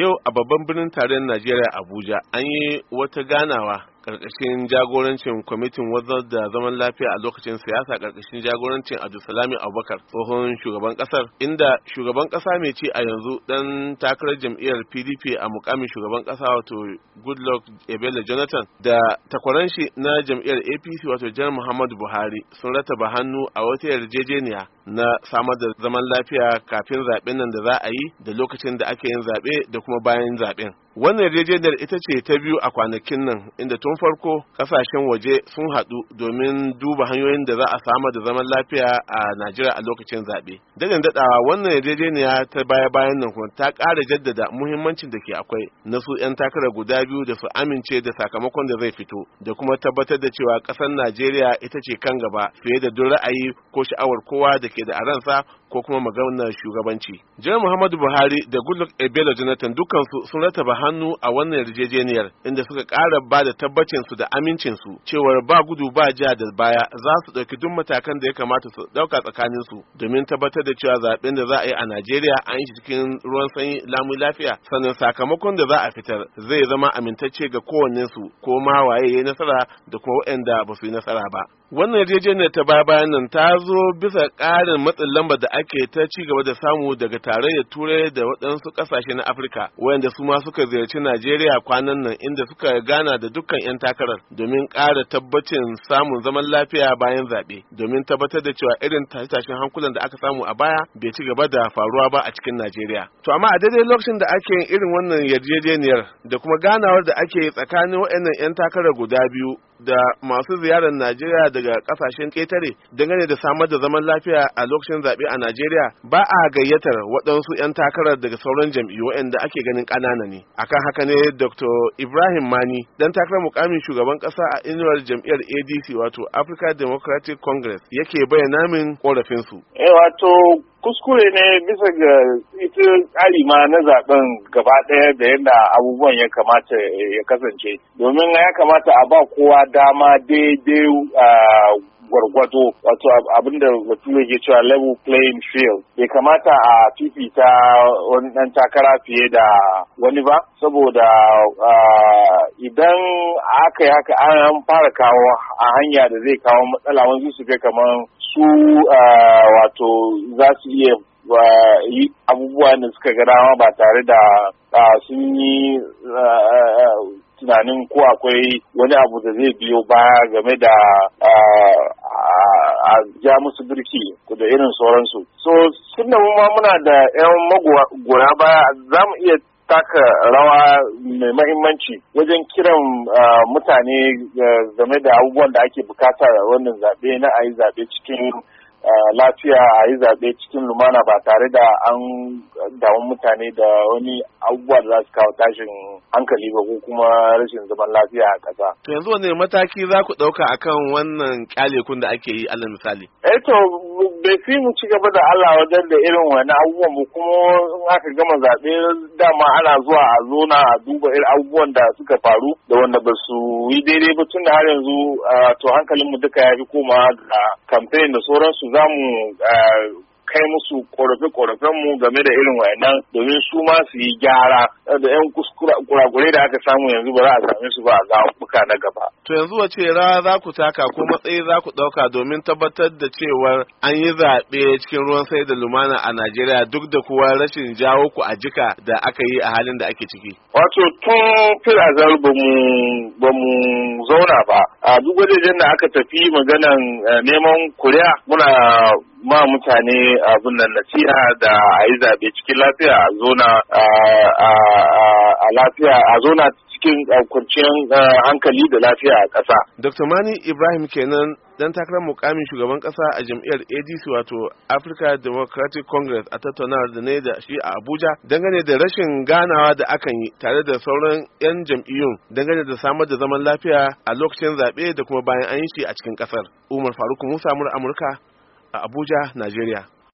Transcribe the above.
yau a babban birnin tarayyar najeriya abuja an yi wata ganawa karkashin jagorancin kwamitin wazar da zaman lafiya a lokacin siyasa karkashin jagorancin abdulsalami abubakar tsohon shugaban kasar inda shugaban kasa mai ce a yanzu dan takarar jam'iyyar pdp a mukamin shugaban kasa wato goodluck ebele jonathan da takwaran shi na jam'iyyar apc wato jan muhammadu buhari sun rataba hannu a wata yarjejeniya na samar da zaman lafiya kafin zaben nan da za a yi da lokacin da ake yin zaɓe da kuma bayan zaɓen wannan yarjejeniyar ita ce ta biyu a kwanakin nan inda tun farko kasashen waje sun haɗu domin duba hanyoyin da za a samar da zaman lafiya a najeriya a lokacin zaɓe da dadawa wannan yarjejeniya ta baya bayan nan kuma ta ƙara jaddada muhimmancin da ke akwai na su 'yan takarar guda biyu da su amince da sakamakon da zai fito da kuma tabbatar da cewa ƙasar najeriya ita ce kan gaba fiye da duk ra'ayi ko sha'awar kowa da ke da aransa ko kuma maganar shugabanci jiran muhammadu buhari da goodluck ebelo jonathan dukansu sun rataba hannu a wannan yarjejeniyar inda suka ƙara ba da tabbacin su da amincin su cewar ba gudu ba ja da baya za su ɗauki duk matakan da ya kamata su ɗauka su domin tabbatar da cewa zaben da za a yi a Najeriya an yi cikin ruwan sanyi lamu lafiya sannan sakamakon da za a fitar zai zama amintacce ga kowanne su ko ma waye ya nasara da kuma waɗanda ba su yi nasara ba. Wannan yarjejeniyar ta baya bayan nan ta zo bisa ƙarin matsin lamba da ake ta ci gaba da samu daga tarayyar Turai da waɗansu ƙasashe na Afirka wayanda su ma suka ziyarci Najeriya kwanan nan inda suka gana da dukkan 'yan takarar domin ƙara tabbacin samun zaman lafiya bayan zaɓe domin tabbatar da cewa irin tashe-tashen hankulan da aka samu a baya bai ci gaba da faruwa ba a cikin Najeriya. To amma a daidai lokacin da ake irin wannan yarjejeniyar da kuma ganawar da ake tsakanin waɗannan 'yan takarar guda biyu da masu ziyarar Najeriya daga kasashen ƙetare dangane da samar da zaman lafiya a lokacin zaɓe a Najeriya ba a gayyatar waɗansu 'yan takarar daga sauran jam'iyyu da ake ganin ƙanana ne. Akan haka ne Dr. Ibrahim Mani dan takarar mukamin shugaban ƙasa a inuwar jam'iyyar ADC wato African Democratic Congress yake bayyana min ƙorafinsu. Eh wato kuskure ne bisa ga ita alima na zaben gaba ɗaya da yadda abubuwan ya kamata ya kasance domin ya kamata a ba kowa dama daidai gwargwado wato abin da bature ke cewa level playing field bai kamata a fifita wani dan takara fiye da wani ba saboda idan aka yi haka an fara kawo a hanya da zai kawo matsala wasu su kamar su wato za su iya yi abubuwa da suka ga dama ba tare da sun yi tunanin ko akwai wani abu da zai biyo baya game da a ja musu birki da irin sauransu. So, sun da muna da 'yan magoya baya za mu iya taka rawa mai mahimmanci wajen kiran mutane game da abubuwan da ake bukata wannan zaɓe na a yi zaɓe cikin lafiya a yi zaɓe cikin lumana ba tare da an damun mutane da wani abubuwa da za su kawo tashin hankali ba ko kuma rashin zaman lafiya a ƙasa. yanzu wani mataki za ku ɗauka akan wannan kun da ake yi alal misali? eh to bai fi mu ci gaba da Allah wajen da irin wani abubuwan mu kuma in aka gama zaɓe dama ana zuwa a zona a duba irin abubuwan da suka faru da wanda ba su yi daidai ba tun da har yanzu ah, to hankalin mu duka ya fi koma da kamfen da sauransu za mu ah, kai musu korafe mu game da irin wayannan domin su ma su yi gyara da yan kurakure da aka samu yanzu ba za a same su ba a zaɓuɓɓuka na gaba. To yanzu wace rawa za ku taka ko matsayi za ku ɗauka domin tabbatar da cewar an yi zaɓe cikin ruwan sai da lumana a Najeriya duk da kuwa rashin jawo ku a jika da aka yi a halin da ake ciki. Wato tun firazar ba mu zauna ba a duk wajejen da aka tafi maganan eh, neman kuri'a muna ma mutane abin nan nasiha da a yi zaɓe cikin lafiya a zona a lafiya a zona cikin kwanciyar hankali da lafiya a ƙasa. Dr. Mani Ibrahim kenan dan takarar mukamin shugaban ƙasa a jam'iyyar ADC wato Africa Democratic Congress a tattaunawar da ne da shi a Abuja dangane da rashin ganawa da aka yi tare da sauran 'yan jam'iyyun dangane da samar da zaman lafiya a lokacin zaɓe da kuma bayan an yi shi a cikin ƙasar. Umar Faruk Musa Amurka a Abuja, Nigeria.